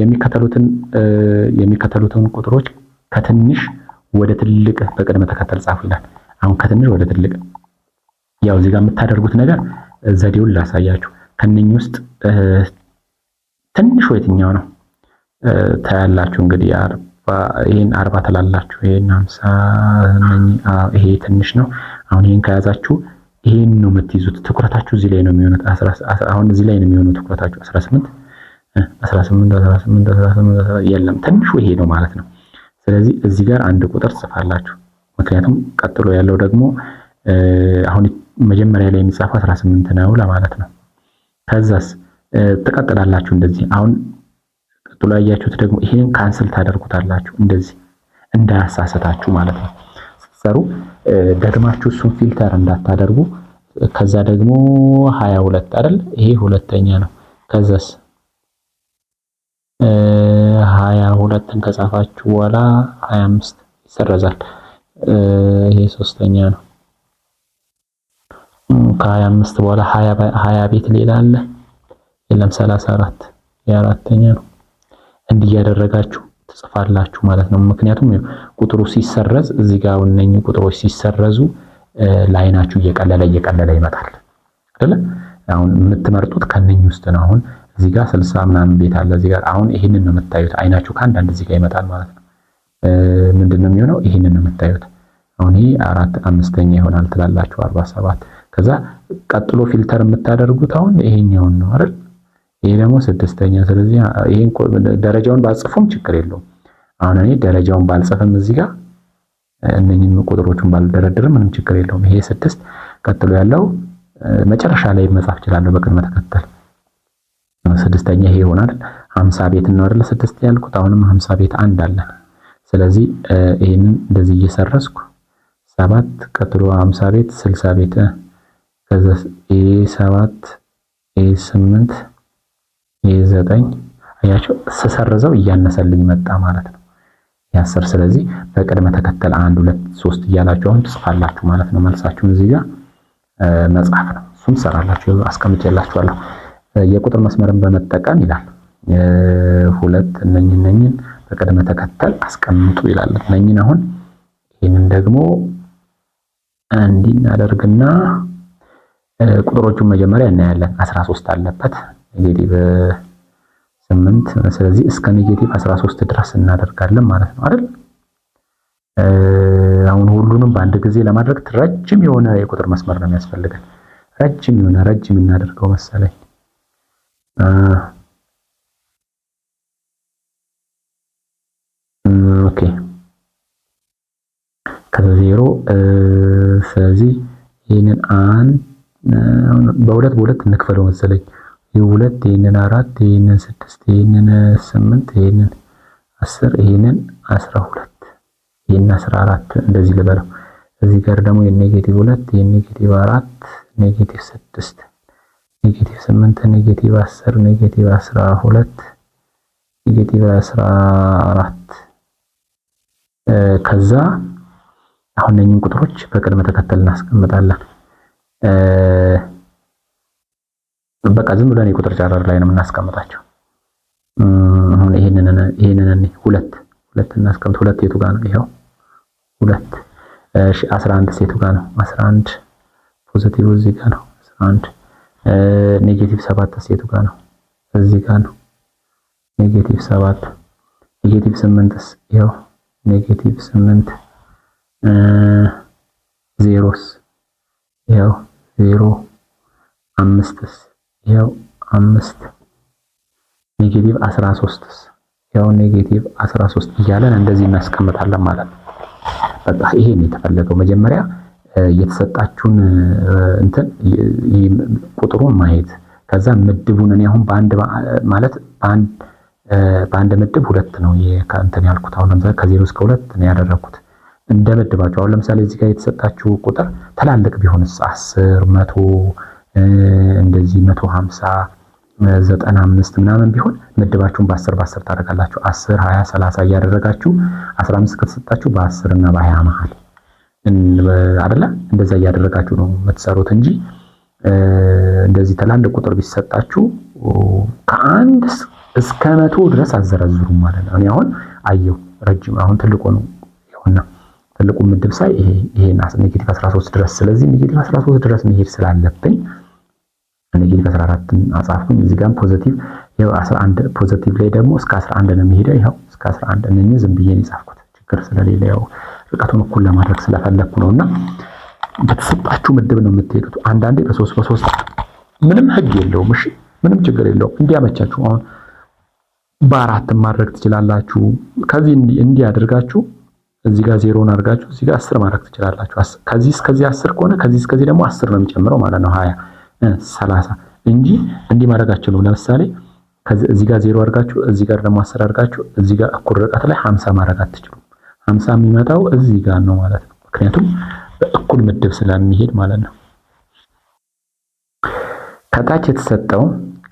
የሚከተሉትን የሚከተሉትን ቁጥሮች ከትንሽ ወደ ትልቅ በቅደም ተከተል ጻፉ ይላል። አሁን ከትንሽ ወደ ትልቅ ያው እዚህ ጋር የምታደርጉት ነገር ዘዴውን ላሳያችሁ። ከነኝ ውስጥ ትንሹ የትኛው ነው ታያላችሁ። እንግዲህ ይሄን አርባ ትላላችሁ፣ ይሄን ሀምሳ ይሄ ትንሽ ነው። አሁን ይሄን ከያዛችሁ ይሄን ነው የምትይዙት። ትኩረታችሁ እዚህ ላይ ነው የሚሆነው። አሁን እዚህ ላይ ነው የሚሆነው ትኩረታችሁ 18 18 የለም ትንሹ ይሄ ነው ማለት ነው። ስለዚህ እዚህ ጋር አንድ ቁጥር ጽፋላችሁ። ምክንያቱም ቀጥሎ ያለው ደግሞ አሁን መጀመሪያ ላይ የሚጻፈው 18 ነው ለማለት ነው። ከዛስ ትቀጥላላችሁ እንደዚህ። አሁን ቀጥሎ ያያችሁት ደግሞ ይሄን ካንስል ታደርጉታላችሁ እንደዚህ እንዳያሳሰታችሁ ማለት ነው። ስትሰሩ ደግማችሁ እሱን ፊልተር እንዳታደርጉ። ከዛ ደግሞ 22 አይደል ይሄ ሁለተኛ ነው። ከዛስ ሀያ ሁለትን ከጻፋችሁ በኋላ ሀያ አምስት ይሰረዛል። ይሄ ሶስተኛ ነው። ከሀያ አምስት በኋላ ሀያ ቤት ሌላ አለ የለም። ሰላሳ አራት የአራተኛ ነው። እንዲህ እያደረጋችሁ ትጽፋላችሁ ማለት ነው። ምክንያቱም ቁጥሩ ሲሰረዝ እዚህ ጋር እነኚህ ቁጥሮች ሲሰረዙ ላይናችሁ እየቀለለ እየቀለለ ይመጣል አይደለ? አሁን የምትመርጡት ከነኚህ ውስጥ ነው አሁን እዚህ ጋር ስልሳ ምናምን ቤት አለ እዚህ ጋር አሁን ይሄንን ነው የምታዩት። አይናችሁ ከአንዳንድ እዚህ ጋር ይመጣል ማለት ነው። ምንድን ነው የሚሆነው? ይሄንን ነው የምታዩት። አሁን ይሄ አራት አምስተኛ ይሆናል ትላላችሁ አርባ ሰባት ከዛ ቀጥሎ ፊልተር የምታደርጉት አሁን ይሄኛውን ነው አይደል? ይሄ ደግሞ ስድስተኛ። ስለዚህ ይሄን ደረጃውን ባልጽፉም ችግር የለውም። አሁን እኔ ደረጃውን ባልጽፍም እዚህ ጋር እነኝህን ቁጥሮቹን ባልደረድርም ምንም ችግር የለውም። ይሄ ስድስት ቀጥሎ ያለው መጨረሻ ላይ መጻፍ እችላለሁ በቅድመ ተከተል ስድስተኛ ይሄ ይሆናል። ሀምሳ ቤት ነው አይደል? ስድስት ያልኩት አሁንም ሀምሳ ቤት አንድ አለን። ስለዚህ ይህንን እንደዚህ እየሰረስኩ ሰባት ቀጥሎ ሀምሳ ቤት ስልሳ ቤት ከዛ ኤ ሰባት ኤ ስምንት ኤ ዘጠኝ አያቸው ስሰርዘው እያነሰልኝ መጣ ማለት ነው የአስር ስለዚህ በቅደም ተከተል አንድ ሁለት ሶስት እያላችሁ አሁን ትጽፋላችሁ ማለት ነው። መልሳችሁን እዚህ ጋር መጻፍ ነው። እሱም ሰራላችሁ አስቀምጬላችኋለሁ። የቁጥር መስመርን በመጠቀም ይላል ሁለት እነኝን እነኝን በቅደም ተከተል አስቀምጡ ይላል። እነኝን አሁን ይህንን ደግሞ እንዲህ እናደርግና ቁጥሮቹን መጀመሪያ እናያለን። 13 አለበት ኔጌቲቭ 8 ስለዚህ እስከ ኔጌቲቭ 13 ድረስ እናደርጋለን ማለት ነው አይደል? አሁን ሁሉንም በአንድ ጊዜ ለማድረግ ረጅም የሆነ የቁጥር መስመር ነው የሚያስፈልገን። ረጅም የሆነ ረጅም እናደርገው መሰለኝ ኦኬ ከዛ ዜሮ ስለዚህ ይህንን በሁለት በሁለት እንክፈለው መሰለኝ። ይህ ሁለት ይህንን አራት ይህንን ስድስት ይህንን ስምንት ይህንን አስር ይህንን አስራ ሁለት ይህንን አስራ አራት እንደዚህ ልበለው። እዚህ ጋር ደግሞ የኔጌቲቭ ሁለት የኔጌቲቭ አራት ኔጌቲቭ ስድስት ኔጌቲቭ 8 ኔጌቲቭ 10 ኔጌቲቭ 12 ኔጌቲቭ 14 ከዛ አሁን እነኝን ቁጥሮች በቅደም ተከተል እናስቀምጣለን። በቃ ዝም ብለን የቁጥር ጨረር ላይ ነው የምናስቀምጣቸው። አሁን ይሄንን ይሄንን ሁለት ሁለት እናስቀምጥ። ሁለት የቱ ጋር ነው? ይሄው ሁለት። እሺ 11 ሴቱ ጋር ነው 11 ፖዚቲቭ እዚህ ጋር ነው 11 ኔጌቲቭ ሰባት ሴቱ ጋር ነው፣ እዚህ ጋር ነው ኔጌቲቭ ሰባት ኔጌቲቭ ስምንትስ ይኸው ኔጌቲቭ ስምንት ዜሮስ ይኸው ዜሮ አምስትስ ይኸው አምስት ኔጌቲቭ አስራ ሶስትስ ያው ኔጌቲቭ 13 እያለን እንደዚህ እናስቀምጣለን ማለት ነው። በቃ ይሄ ነው የተፈለገው መጀመሪያ የተሰጣችሁን እንትን ቁጥሩን ማየት ከዛ ምድቡን እኔ አሁን በአንድ ማለት በአንድ ምድብ ሁለት ነው እንትን ያልኩት። አሁን ለምሳሌ ከዜሮ እስከ ሁለት ነው ያደረግኩት እንደ ምድባቸው። አሁን ለምሳሌ እዚህ ጋር የተሰጣችሁ ቁጥር ትላልቅ ቢሆንስ አስር መቶ እንደዚህ መቶ ሀምሳ ዘጠና አምስት ምናምን ቢሆን ምድባችሁን በአስር በአስር ታደርጋላችሁ። አስር ሀያ ሰላሳ እያደረጋችሁ አስራ አምስት ከተሰጣችሁ በአስር እና በሀያ መሀል አይደለ? እንደዛ እያደረጋችሁ ነው የምትሰሩት እንጂ እንደዚህ ትላልቅ ቁጥር ቢሰጣችሁ ከአንድ እስከ መቶ ድረስ አዘረዝሩም ማለት ነው። እኔ አሁን አየሁ ረጅም አሁን ትልቁ ነው ይሆንና ትልቁ ምድብ ሳይ ይሄ ናስ ኔጌቲቭ 13 ድረስ ስለዚህ ኔጌቲቭ 13 ድረስ መሄድ ስላለብኝ ኔጌቲቭ 14 አጻፍኩኝ። እዚህ ጋር ፖዚቲቭ ይሄ 11 ፖዚቲቭ ላይ ደግሞ እስከ 11 ነው የሚሄደው። ይሄው እስከ 11 እነኚህ ዝም ብዬ ነው የጻፍኩት። ችግር ስለሌለ ያው ርቀቱን እኩል ለማድረግ ስለፈለግኩ ነው እና በተሰጣችሁ ምድብ ነው የምትሄዱት። አንዳንዴ በሶስት በሶስት ምንም ህግ የለውም። እሺ ምንም ችግር የለውም። እንዲያመቻችሁ አሁን በአራትም ማድረግ ትችላላችሁ። ከዚህ እንዲያደርጋችሁ እዚህ ጋር ዜሮን አድርጋችሁ እዚህ ጋር አስር ማድረግ ትችላላችሁ። ከዚህ እስከዚህ አስር ከሆነ ከዚህ እስከዚህ ደግሞ አስር ነው የሚጨምረው ማለት ነው ሀያ ሰላሳ እንጂ እንዲህ ማድረጋችሁ ነው። ለምሳሌ እዚህ ጋር ዜሮ አድርጋችሁ እዚህ ጋር ደግሞ አስር አድርጋችሁ እዚህ ጋር እኩል ርቀት ላይ ሀምሳ ማድረግ አትችሉ። ሀምሳ የሚመጣው እዚህ ጋር ነው ማለት ነው። ምክንያቱም በእኩል ምድብ ስለሚሄድ ማለት ነው። ከታች የተሰጠው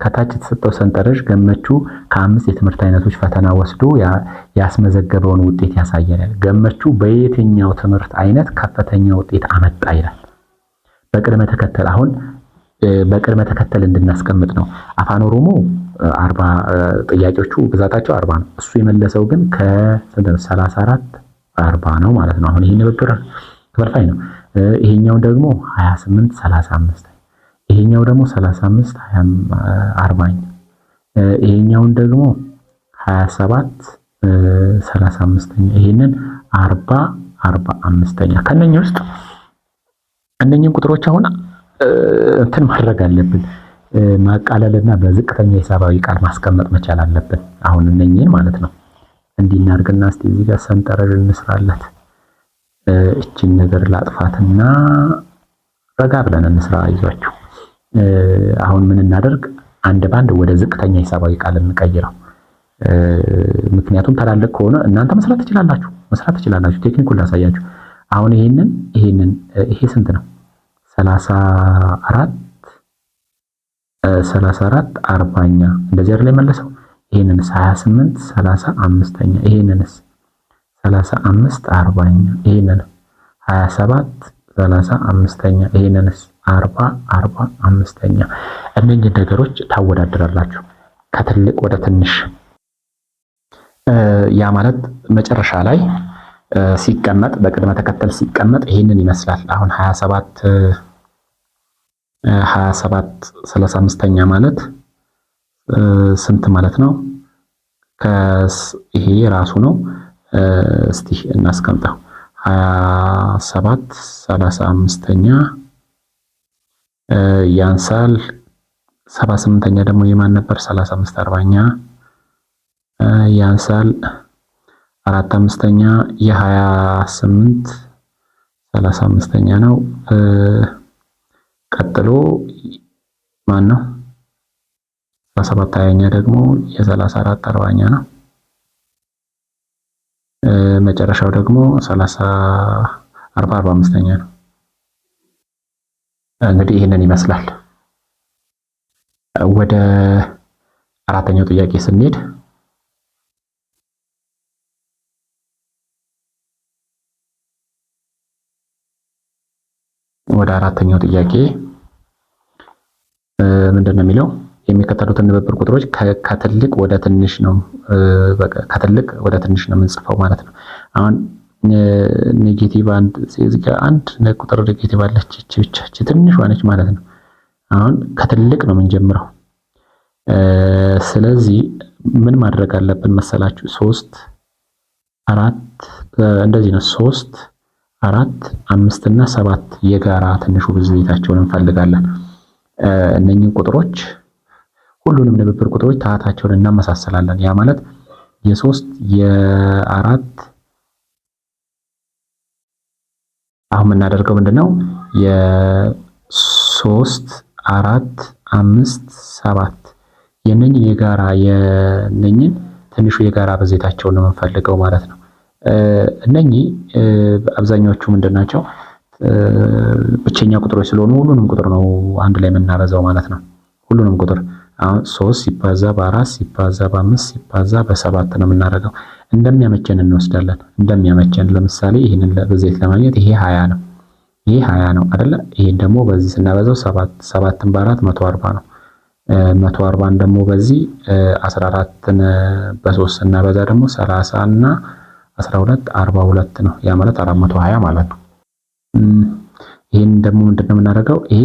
ከታች የተሰጠው ሰንጠረዥ ገመቹ ከአምስት የትምህርት አይነቶች ፈተና ወስዶ ያስመዘገበውን ውጤት ያሳያል ገመቹ በየትኛው ትምህርት አይነት ከፍተኛ ውጤት አመጣ ይላል። በቅደም ተከተል አሁን በቅድመ ተከተል እንድናስቀምጥ ነው። አፋን ኦሮሞ አርባ ጥያቄዎቹ ብዛታቸው አርባ ነው። እሱ የመለሰው ግን ከሰላሳ አራት አርባ ነው ማለት ነው። አሁን ይህ ንብብር ክፍልፋይ ነው። ይሄኛው ደግሞ ሀያ ስምንት ሰላሳ አምስት ይሄኛው ደግሞ ሰላሳ አምስት አርባኝ ይሄኛውን ደግሞ ሀያ ሰባት ሰላሳ አምስተኛ አርባ አርባ አምስተኛ ውስጥ እነኝን ቁጥሮች አሁን እንትን ማድረግ አለብን ማቃለልና በዝቅተኛ ሂሳባዊ ቃል ማስቀመጥ መቻል አለብን። አሁን እነኚህን ማለት ነው እንዲህ እናድርግና እስቲ እዚህ ጋር ሰንጠረዥ እንስራለት። እችን ነገር ላጥፋትና ረጋ ብለን እንስራ። ይዟችሁ አሁን ምን እናደርግ? አንድ ባንድ ወደ ዝቅተኛ ሂሳባዊ ቃል እንቀይረው። ምክንያቱም ታላልቅ ከሆነ እናንተ መስራት ትችላላችሁ መስራት ትችላላችሁ። ቴክኒኩን ላሳያችሁ። አሁን ይሄንን ይሄንን ይሄ ስንት ነው? 34 አራት ሰላሳ አርባኛ እንደዚህ አይደል የመለሰው። ይሄንንስ ሀያ ስምንት ሰላሳ አምስተኛ ይሄንንስ ሰላሳ አርባኛ ይሄንን 27 35 ኛ አምስተኛ ይሄንንስ 40 አርባ ኛ እነኚህ ነገሮች ታወዳድራላችሁ ከትልቅ ወደ ትንሽ። ያ ማለት መጨረሻ ላይ ሲቀመጥ በቅድመ ተከተል ሲቀመጥ ይሄንን ይመስላል። አሁን 27 27 35ኛ ማለት ስንት ማለት ነው? ይሄ ራሱ ነው። እስቲ እናስቀምጠው 27 35ኛ ያንሳል። 78ኛ ደግሞ የማን ነበር? 35 40ኛ ያንሳል። አራት ኛ የ28 35ኛ ነው። ቀጥሎ ማን ነው? 17 ሃያኛ ደግሞ የ34 አርባኛ ነው። መጨረሻው ደግሞ 30 40 45ኛ ነው። እንግዲህ ይህንን ይመስላል። ወደ አራተኛው ጥያቄ ስንሄድ ወደ አራተኛው ጥያቄ ምንድን ነው የሚለው የሚከተሉትን ንብብር ቁጥሮች ከትልቅ ወደ ትንሽ ነው ከትልቅ ወደ ትንሽ ነው የምንጽፈው ማለት ነው። አሁን ኔጌቲቭ አንድ እዚህ ጋር አንድ ቁጥር ኔጌቲቭ አለች እቺ ብቻ እቺ ትንሽ ነች ማለት ነው። አሁን ከትልቅ ነው የምንጀምረው። ስለዚህ ምን ማድረግ አለብን መሰላችሁ? ሶስት አራት እንደዚህ ነው። ሶስት አራት አምስትና ሰባት የጋራ ትንሹ ብዙ እንፈልጋለን። እነኚህ ቁጥሮች ሁሉንም ንብብር ቁጥሮች ታህታቸውን እናመሳሰላለን። ያ ማለት የሶስት የአራት አሁን የምናደርገው ምንድነው? የሶስት አራት አምስት ሰባት የነኝን የጋራ የነኝን ትንሹ የጋራ ብዜታቸውን ነው የምንፈልገው ማለት ነው። እነኚህ አብዛኛዎቹ ምንድን ናቸው? ብቸኛ ቁጥሮች ስለሆኑ ሁሉንም ቁጥር ነው አንድ ላይ የምናበዛው ማለት ነው። ሁሉንም ቁጥር አሁን ሶስት ሲባዛ በአራት ሲባዛ በአምስት ሲባዛ በሰባት ነው የምናደርገው። እንደሚያመቸን እንወስዳለን። እንደሚያመቸን ለምሳሌ ይህንን በዘይት ለማግኘት ይሄ ሀያ ነው ይሄ ሀያ ነው አይደለ? ይሄን ደግሞ በዚህ ስናበዛው ሰባት ሰባትን በአራት መቶ አርባ ነው። መቶ አርባን ደግሞ በዚህ አስራ አራትን በሶስት ስናበዛ ደግሞ ሰላሳ እና አስራ ሁለት አርባ ሁለት ነው። ያ ማለት አራት መቶ ሀያ ማለት ነው። ይህን ደግሞ ምንድነው የምናደርገው? ይሄ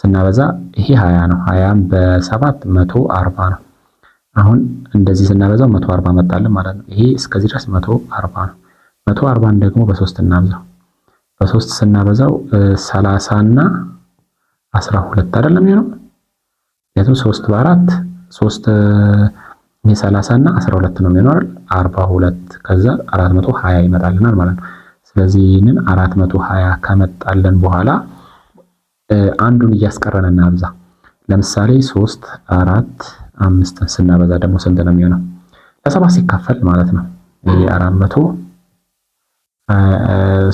ስናበዛ ይሄ ሀያ ነው። ሀያም በሰባት መቶ አርባ ነው። አሁን እንደዚህ ስናበዛው መቶ አርባ መጣልን ማለት ነው። ይሄ እስከዚህ ድረስ መቶ አርባ ነው። መቶ አርባን ደግሞ በሶስት እናብዛው። በሶስት ስናበዛው ሰላሳ እና አስራ ሁለት አይደለም የሚሆነው ምክንያቱም ሶስት በአራት ሶስት የሰላሳ እና አስራ ሁለት ነው የሚሆነው አይደል? አርባ ሁለት ከዛ አራት መቶ ሀያ ይመጣልናል ማለት ነው። ስለዚህ ይህንን አራት መቶ ሀያ ከመጣልን በኋላ አንዱን እያስቀረን እናብዛ። ለምሳሌ ሶስት አራት 5 ስናበዛ ደግሞ ስንት ነው የሚሆነው? ለሰባት ሲካፈል ማለት ነው። ይሄ 400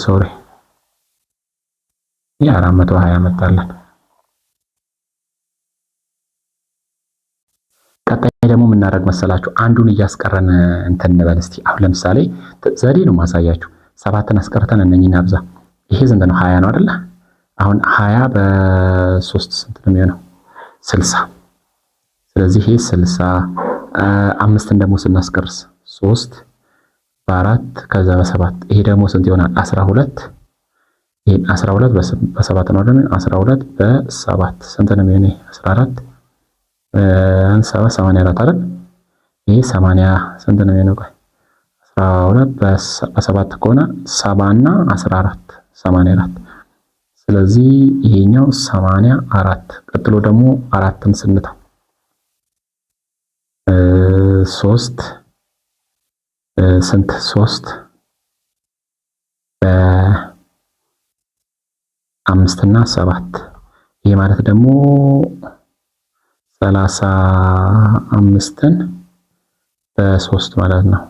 ሶሪ ይሄ 420 ሀያ መጣለን። ቀጣይ ደግሞ የምናደርግ መሰላችሁ አንዱን እያስቀረን እንትን እንበል እስቲ። አሁን ለምሳሌ ዘዴ ነው ማሳያችሁ ሰባትን አስቀርተን እነኝን አብዛ። ይሄ ስንት ነው? ሀያ ነው አይደለ? አሁን ሀያ በሶስት ስንት ነው የሚሆነው? ስልሳ ስለዚህ ይሄ ስልሳ አምስትን ደግሞ ስናስቀርስ ሶስት በአራት ከዛ በሰባት ይሄ ደግሞ ስንት ይሆናል? አስራ ሁለት ይሄ አስራ ሁለት በሰባት ነው አይደል? አስራ ሁለት በሰባት ስንት ነው የሚሆነው? አስራ አራት ሰባ ሰማንያ አራት አይደል? ይሄ ሰማንያ ስንት ነው የሚሆነው? ሁለት በሰባት ከሆነ ሰባ እና አስራ አራት አራት ስለዚህ ይሄኛው ሰማንያ አራት ቀጥሎ ደግሞ አራትን ስንታ ሶስት ስንት ሶስት በአምስት እና ሰባት ይሄ ማለት ደግሞ ሰላሳ አምስትን በሶስት ማለት ነው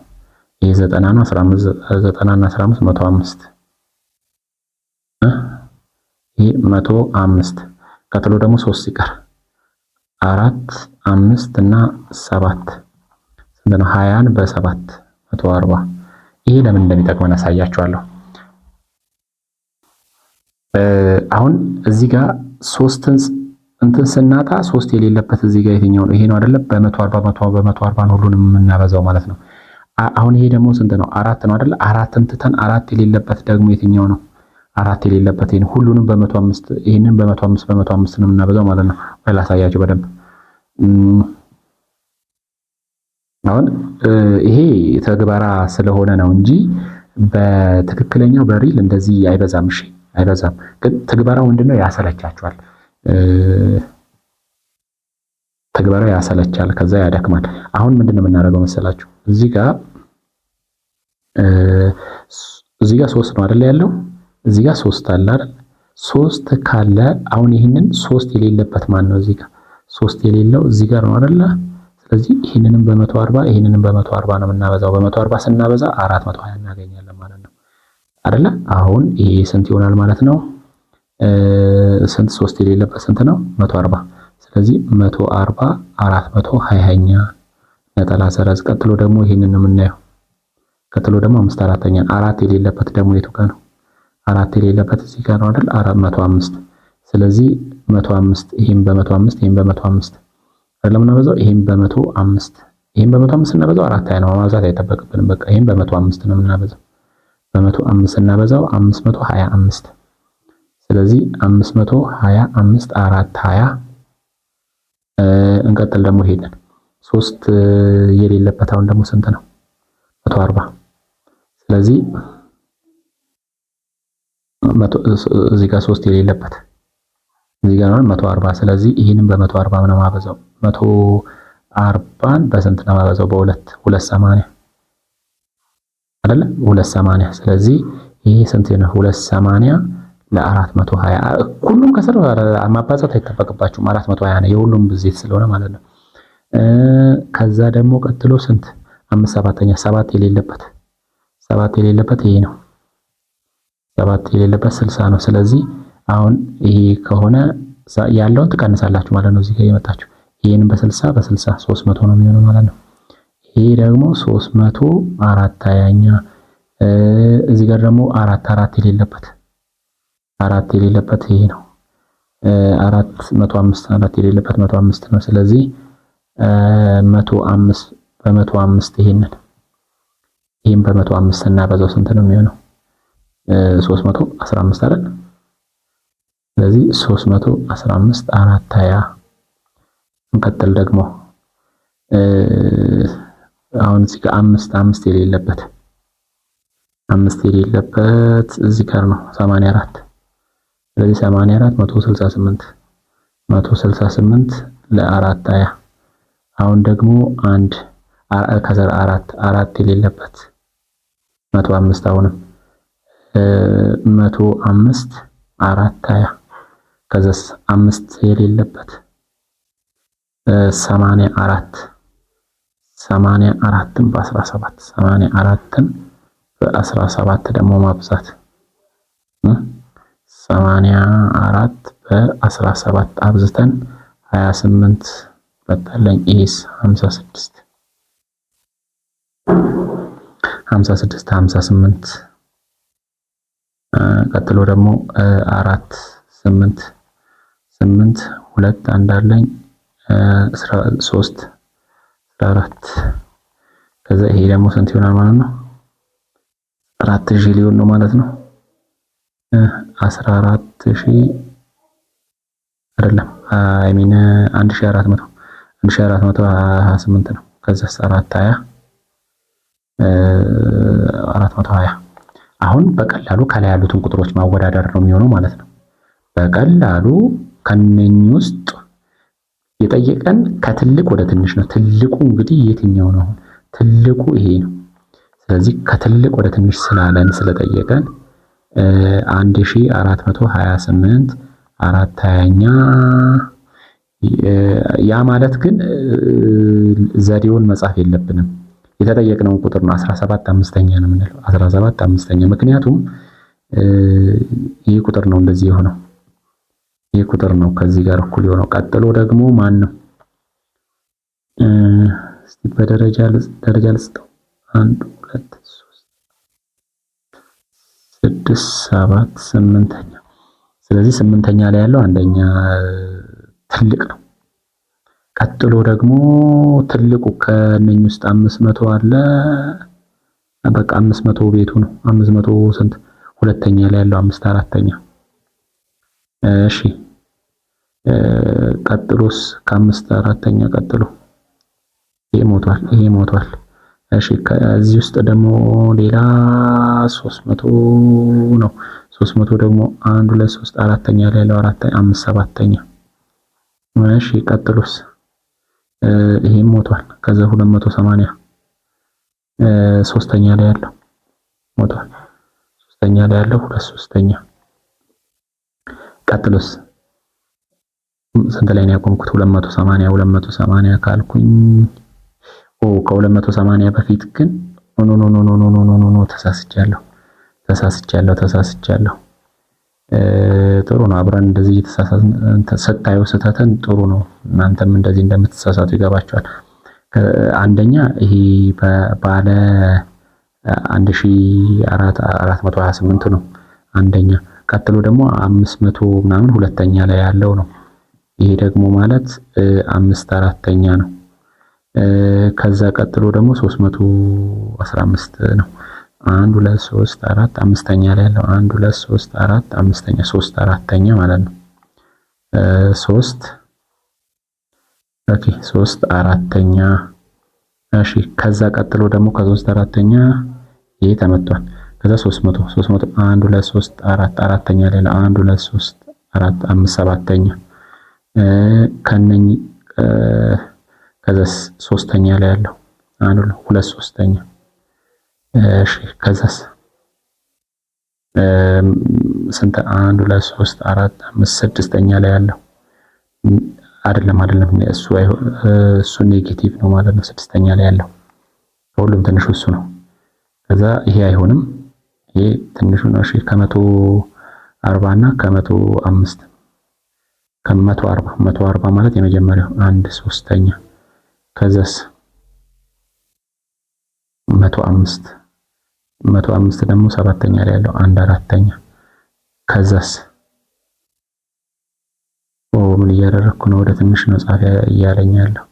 ይሄ ዘጠና ነው። አስራ አምስት ዘጠና እና አስራ አምስት መቶ አምስት ይሄ መቶ አምስት ቀጥሎ ደግሞ ሶስት ሲቀር አራት አምስት እና ሰባት ስንት ነው? ሀያን በሰባት መቶ አርባ ይሄ ለምን እንደሚጠቅመን አሳያችኋለሁ። አሁን እዚህ ጋር እንትን ስናጣ ሶስት የሌለበት እዚህ ጋር የትኛው ነው? ይሄ ነው አይደለም በመቶ አርባ መቶ በመቶ አርባ ነው ሁሉንም የምናበዛው ማለት ነው። አሁን ይሄ ደግሞ ስንት ነው? አራት ነው አይደል? አራትን ትተን አራት የሌለበት ደግሞ የትኛው ነው? አራት የሌለበት ይሄን ሁሉንም በ105 ይሄንን በ105 በ105 ነው የምናበዛው ማለት ነው። ላሳያችሁ በደንብ አሁን ይሄ ተግባራ ስለሆነ ነው እንጂ በትክክለኛው በሪል እንደዚህ አይበዛም። እሺ አይበዛም፣ ግን ተግባራው ምንድነው ያሰለቻችኋል። ተግባራው ያሰለቻል፣ ከዛ ያደክማል። አሁን ምንድነው የምናደርገው መሰላችሁ እዚህ ጋር እዚህ ጋር ሶስት ነው አይደል ያለው እዚህ ጋር ሶስት አለ አይደል ሶስት ካለ አሁን ይህንን ሶስት የሌለበት ማን ነው እዚህ ጋር ሶስት የሌለው እዚህ ጋር ነው አይደለ ስለዚህ ይህንንም በመቶ አርባ ይህንንም በመቶ አርባ ነው የምናበዛው በመቶ አርባ ስናበዛ አራት መቶ ሀያ እናገኛለን ማለት ነው አይደለ አሁን ይሄ ስንት ይሆናል ማለት ነው ስንት ሶስት የሌለበት ስንት ነው መቶ አርባ ስለዚህ መቶ አርባ አራት መቶ ሀያኛ ነጠላ ሰረዝ ቀጥሎ ደግሞ ይህንን ነው የምናየው ቀጥሎ ደግሞ አምስት አራተኛ አራት የሌለበት ደግሞ የቱ ጋር ነው? አራት የሌለበት እዚህ ጋር ነው አይደል? አራት መቶ አምስት ስለዚህ መቶ አምስት ይሄን በመቶ አምስት ይሄን በመቶ አምስት አይደለም እናበዛው ይሄን በመቶ አምስት ይሄን በመቶ አምስት እናበዛው አራት አይ ነው ማብዛት አይጠበቅብንም። በቃ ይሄን በመቶ አምስት ነው የምናበዛው በመቶ አምስት እናበዛው አምስት መቶ ሀያ አምስት ስለዚህ አምስት መቶ ሀያ አምስት አራት ሀያ እንቀጥል ደግሞ ሄደን ሶስት የሌለበት አሁን ደግሞ ስንት ነው? መቶ አርባ ስለዚህ እዚህ ጋር ሶስት የሌለበት እዚህ ጋር ነው ስለዚህ ይህንን በ140 ነው ማበዛው 140 በስንት ነው ማበዛው በሁለት ሁለት አይደለ 280 ስለዚህ ይሄ ስንት ነው 280 ለ420 ሁሉም ከስር ማባዛት አይጠበቅባችሁም አራት መቶ ነው የሁሉም ብዜት ስለሆነ ማለት ነው ከዛ ደግሞ ቀጥሎ ስንት አምስት ሰባተኛ ሰባት የሌለበት ሰባት የሌለበት ይሄ ነው። ሰባት የሌለበት ስልሳ ነው። ስለዚህ አሁን ይሄ ከሆነ ያለውን ትቀንሳላችሁ ማለት ነው። እዚህ ጋር የመጣችሁ ይሄን በስልሳ በስልሳ ሶስት መቶ ነው የሚሆነው ማለት ነው። ይሄ ደግሞ ሶስት መቶ አራት ያኛ እዚህ ጋር ደግሞ አራት አራት የሌለበት አራት የሌለበት ይሄ ነው። አራት መቶ አምስት አራት የሌለበት መቶ አምስት ነው። ስለዚህ መቶ አምስት በመቶ አምስት ይሄንን ይህም በመቶ አምስት እና በዛው ስንት ነው የሚሆነው? ሶስት መቶ አስራ አምስት አይደል? ስለዚህ ሶስት መቶ አስራ አምስት አራት ሀያ እንቀጥል ደግሞ አሁን እዚህ ጋር አምስት አምስት የሌለበት አምስት የሌለበት እዚህ ጋር ነው 84 ስለዚህ 84 168 168 ለአራት ሀያ አሁን ደግሞ አንድ ከዘር አራት አራት የሌለበት መቶ አምስት አሁንም መቶ አምስት አራት ሀያ ከዛስ አምስት የሌለበት ሰማንያ አራት ሰማንያ አራትን በአስራ ሰባት ሰማንያ በአስራ ሰባት ደግሞ ማብዛት ሰማንያ አራት በአስራ ሰባት አብዝተን ሀያ ስምንት በጠለኝ ኢስ ሀምሳ ስድስት 56 58 ቀጥሎ ደግሞ አራት ስምንት ስምንት ሁለት አንድ አለኝ ሶስት አስራ አራት ከዛ ይሄ ደግሞ ስንት ይሆናል ማለት ነው? አራት ሺህ ሊሆን ነው ማለት ነው። አስራ አራት ሺህ አይደለም አይ ሚን አንድ ሺህ አራት መቶ አንድ ሺህ አራት መቶ ሀያ ስምንት ነው። ከዛ አራት ሀያ 420 አሁን በቀላሉ ከላይ ያሉትን ቁጥሮች ማወዳደር ነው የሚሆነው ማለት ነው። በቀላሉ ከነኚህ ውስጥ የጠየቀን ከትልቅ ወደ ትንሽ ነው። ትልቁ እንግዲህ የትኛው ነው? ትልቁ ይሄ ነው። ስለዚህ ከትልቅ ወደ ትንሽ ስላለን ስለጠየቀን 1428 አራተኛ ያ ማለት ግን ዘዴውን መጻፍ የለብንም። የተጠየቅነውን ቁጥር ነው። 17 አምስተኛ ነው የምንለው 17 አምስተኛ። ምክንያቱም ይህ ቁጥር ነው እንደዚህ የሆነው ይህ ቁጥር ነው ከዚህ ጋር እኩል የሆነው። ቀጥሎ ደግሞ ማን ነው? እስቲ በደረጃ ደረጃ ልስጠው። አንድ ሁለት ሶስት ስድስት ሰባት ስምንተኛ። ስለዚህ ስምንተኛ ላይ ያለው አንደኛ ትልቅ ነው። ቀጥሎ ደግሞ ትልቁ ከነኝ ውስጥ አምስት መቶ አለ። በቃ አምስት መቶ ቤቱ ነው። አምስት መቶ ስንት ሁለተኛ ላይ ያለው አምስት አራተኛ። እሺ ቀጥሎስ ከአምስት አራተኛ ቀጥሎ ይሄ ሞቷል፣ ይሄ ሞቷል። እሺ ከዚህ ውስጥ ደግሞ ሌላ ሶስት መቶ ነው። ሶስት መቶ ደግሞ አንድ ሁለት ሶስት አራተኛ ላይ ያለው አራተኛ አምስት ሰባተኛ። እሺ ቀጥሎስ ይሄም ሞቷል። ከዛ 280 ሶስተኛ ላይ ያለው ሞቷል። ሶስተኛ ላይ ያለው ሁለት ሶስተኛ ቀጥሎስ ስንት ላይ ነው ያቆምኩት? 280 280 ካልኩኝ ኦ ከ280 በፊት ግን ኖ ኖ ኖ ኖ ኖ ኖ ኖ ተሳስቻለሁ ተሳስቻለሁ ተሳስቻለሁ ጥሩ ነው። አብረን እንደዚህ እየተሳሳትን ስታየው ስህተትን ጥሩ ነው። እናንተም እንደዚህ እንደምትሳሳቱ ይገባቸዋል። አንደኛ ይሄ ባለ 1428 ነው አንደኛ። ቀጥሎ ደግሞ 500 ምናምን ሁለተኛ ላይ ያለው ነው። ይሄ ደግሞ ማለት አምስት አራተኛ ነው። ከዛ ቀጥሎ ደግሞ 315 ነው። አንድ ሁለት ሶስት አራት አምስተኛ ላይ ያለው አንድ ሁለት ሶስት አራት አምስተኛ ሶስት አራተኛ ማለት ነው። ሶስት ኦኬ ሶስት አራተኛ እሺ። ከዛ ቀጥሎ ደግሞ ከሶስት አራተኛ ይሄ ተመቷል። ከዛ 300 300 አንድ ሁለት 3 አራት አራተኛ ሌላ አንድ ሁለት ሶስት አራት 5 ሰባተኛ ከነኝ ከዛ ሶስተኛ ላይ ያለው 1 ሁለት ሶስተኛ እሺ ከዛስ ስንት? አንድ ሁለት ሶስት አራት አምስት ስድስተኛ ላይ ያለው አይደለም አይደለም፣ እሱ እሱ ኔጌቲቭ ነው ማለት ነው። ስድስተኛ ላይ ያለው ከሁሉም ትንሹ እሱ ነው። ከዛ ይሄ አይሆንም። ይሄ ትንሹ ነው። እሺ ከመቶ አርባ እና ከመቶ አምስት ከመቶ አርባ መቶ አርባ ማለት የመጀመሪያው አንድ ሶስተኛ ከዛስ መቶ አምስት መቶ አምስት ደግሞ ሰባተኛ ላይ ያለው አንድ አራተኛ ከዛስ ኦ ምን እያደረግኩ ነው? ወደ ትንሽ ነው ጻፍ እያለኝ ያለው።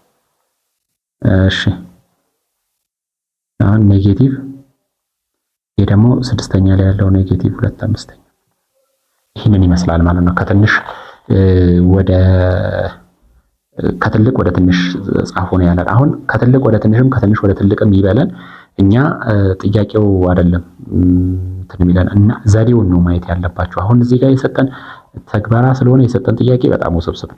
እሺ አሁን ኔጌቲቭ ይሄ ደግሞ ስድስተኛ ላይ ያለው ኔጌቲቭ ሁለት አምስተኛ ይህንን ይመስላል ማለት ነው። ከትንሽ ወደ ከትልቅ ወደ ትንሽ ጻፎ ነው ያለን። አሁን ከትልቅ ወደ ትንሽም ከትንሽ ወደ ትልቅም ይበለን። እኛ ጥያቄው አይደለም እንትን የሚለን እና ዘዴውን ነው ማየት ያለባቸው። አሁን እዚህ ጋር የሰጠን ተግባራ ስለሆነ የሰጠን ጥያቄ በጣም ውስብስብ ነው።